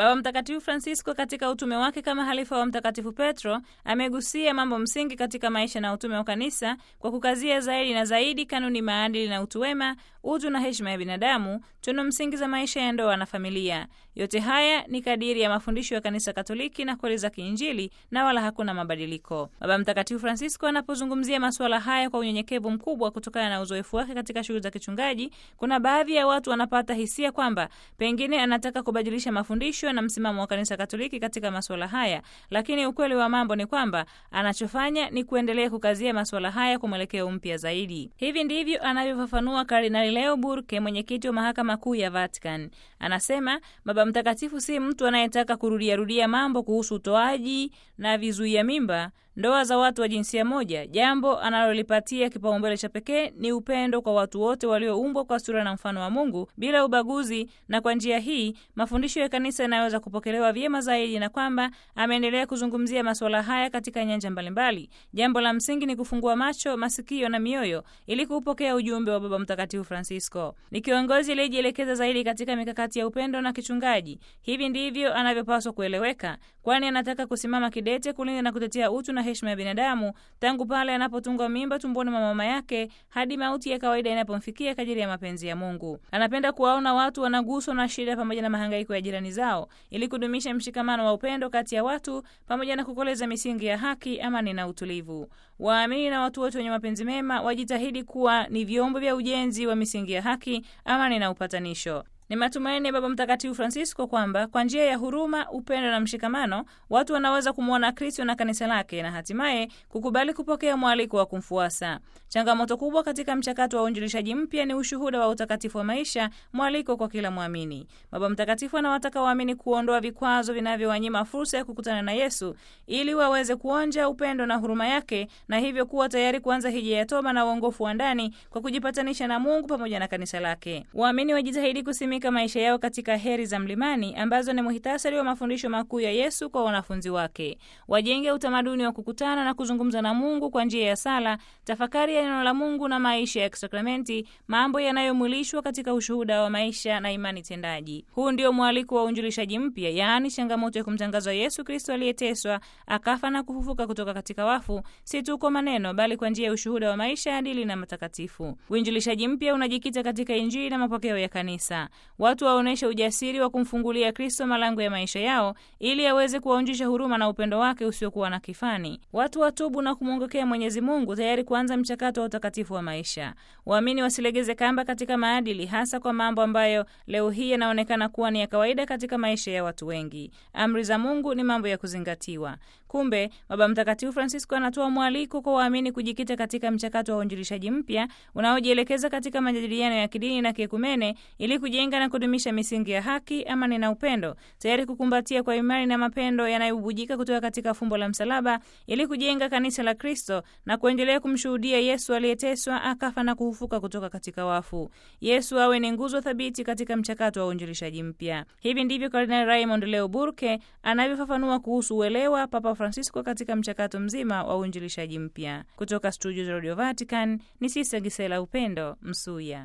Baba Mtakatifu Francisco katika utume wake kama halifa wa Mtakatifu Petro amegusia mambo msingi katika maisha na utume wa kanisa kwa kukazia zaidi na zaidi kanuni, maadili na utu wema, utu na heshima ya binadamu, tunu msingi za maisha ya ndoa na familia. Yote haya ni kadiri ya mafundisho ya Kanisa Katoliki na kweli za kiinjili na wala hakuna mabadiliko. Baba Mtakatifu Francisco anapozungumzia masuala haya kwa unyenyekevu mkubwa, kutokana na uzoefu wake katika shughuli za kichungaji, kuna baadhi ya watu wanapata hisia kwamba pengine anataka kubadilisha mafundisho kuvutiwa na msimamo wa kanisa Katoliki katika masuala haya, lakini ukweli wa mambo ni kwamba anachofanya ni kuendelea kukazia masuala haya kwa mwelekeo mpya zaidi. Hivi ndivyo anavyofafanua Kardinali Leo Burke, mwenyekiti wa mahakama kuu ya Vatican. Anasema Baba Mtakatifu si mtu anayetaka kurudiarudia mambo kuhusu utoaji na vizuia mimba ndoa za watu wa jinsia moja, jambo analolipatia kipaumbele cha pekee ni upendo kwa watu wote walioumbwa kwa sura na mfano wa Mungu bila ubaguzi, na kwa njia hii mafundisho ya kanisa yanayoweza kupokelewa vyema zaidi, na kwamba ameendelea kuzungumzia masuala haya katika nyanja mbalimbali. Jambo la msingi ni kufungua macho, masikio na mioyo ili kuupokea ujumbe wa Baba Mtakatifu Francisco. Ni kiongozi aliyejielekeza zaidi katika mikakati ya upendo na kichungaji. Hivi ndivyo anavyopaswa kueleweka, kwani anataka kusimama kidete kulinda na kutetea utu na na heshima ya binadamu tangu pale anapotungwa mimba tumboni mwa mama yake hadi mauti ya kawaida inapomfikia kajiri ya mapenzi ya Mungu. Anapenda kuwaona watu wanaguswa na shida pamoja na mahangaiko ya jirani zao ili kudumisha mshikamano wa upendo kati ya watu pamoja na kukoleza misingi ya haki, amani na utulivu. Waamini na watu wote wenye mapenzi mema wajitahidi kuwa ni vyombo vya ujenzi wa misingi ya haki, amani na upatanisho. Ni matumaini ya Baba Mtakatifu Francisco kwamba kwa njia ya huruma, upendo na mshikamano watu wanaweza kumwona Kristo na kanisa lake na hatimaye kukubali kupokea mwaliko wa kumfuasa. Changamoto kubwa katika mchakato wa uinjilishaji mpya ni ushuhuda wa utakatifu wa maisha, mwaliko kwa kila mwamini. Baba Mtakatifu anawataka waamini kuondoa vikwazo vinavyowanyima fursa ya kukutana na Yesu ili waweze kuonja upendo na huruma yake na hivyo kuwa tayari kuanza hija ya toba na uongofu wa ndani kwa kujipatanisha na Mungu pamoja na kanisa lake. Waamini wajitahidi kusimika kuweka maisha yao katika heri za mlimani ambazo ni muhitasari wa mafundisho makuu ya Yesu kwa wanafunzi wake. Wajenge utamaduni wa kukutana na kuzungumza na Mungu kwa njia ya sala, tafakari ya neno la Mungu na maisha ya kisakramenti, mambo yanayomwilishwa katika ushuhuda wa maisha na imani tendaji. Huu ndio mwaliko wa uinjulishaji mpya, yaani changamoto ya kumtangaza Yesu Kristo aliyeteswa, akafa na kufufuka kutoka katika wafu, si tu kwa maneno, bali kwa njia ya ushuhuda wa maisha adili na matakatifu. Uinjilishaji mpya unajikita katika Injili na mapokeo ya kanisa. Watu waonyeshe ujasiri wa kumfungulia Kristo malango ya maisha yao ili aweze ya kuwaonjesha huruma na upendo wake usiokuwa na kifani. Watu watubu na kumwongokea Mwenyezi Mungu, tayari kuanza mchakato wa utakatifu wa maisha. Waamini wasilegeze kamba katika maadili, hasa kwa mambo ambayo leo hii yanaonekana kuwa ni ya kawaida katika maisha ya watu wengi. Amri za Mungu ni mambo ya kuzingatiwa. Kumbe Baba Mtakatifu Francisco anatoa mwaliko kwa waamini kujikita katika mchakato wa uinjilishaji mpya unaojielekeza katika majadiliano ya kidini na kiekumene ili kujenga kujenga na kudumisha misingi ya haki, amani na upendo, tayari kukumbatia kwa imani na mapendo yanayobubujika kutoka katika fumbo la msalaba ili kujenga kanisa la Kristo na kuendelea kumshuhudia Yesu aliyeteswa, akafa na kufufuka kutoka katika wafu. Yesu awe ni nguzo thabiti katika mchakato wa uinjilishaji mpya. Hivi ndivyo Kardinali Raymond Leo Burke anavyofafanua kuhusu uelewa Papa Francisco katika mchakato mzima wa uinjilishaji mpya. Kutoka studio za Radio Vatican ni Sista Gisela Upendo Msuya.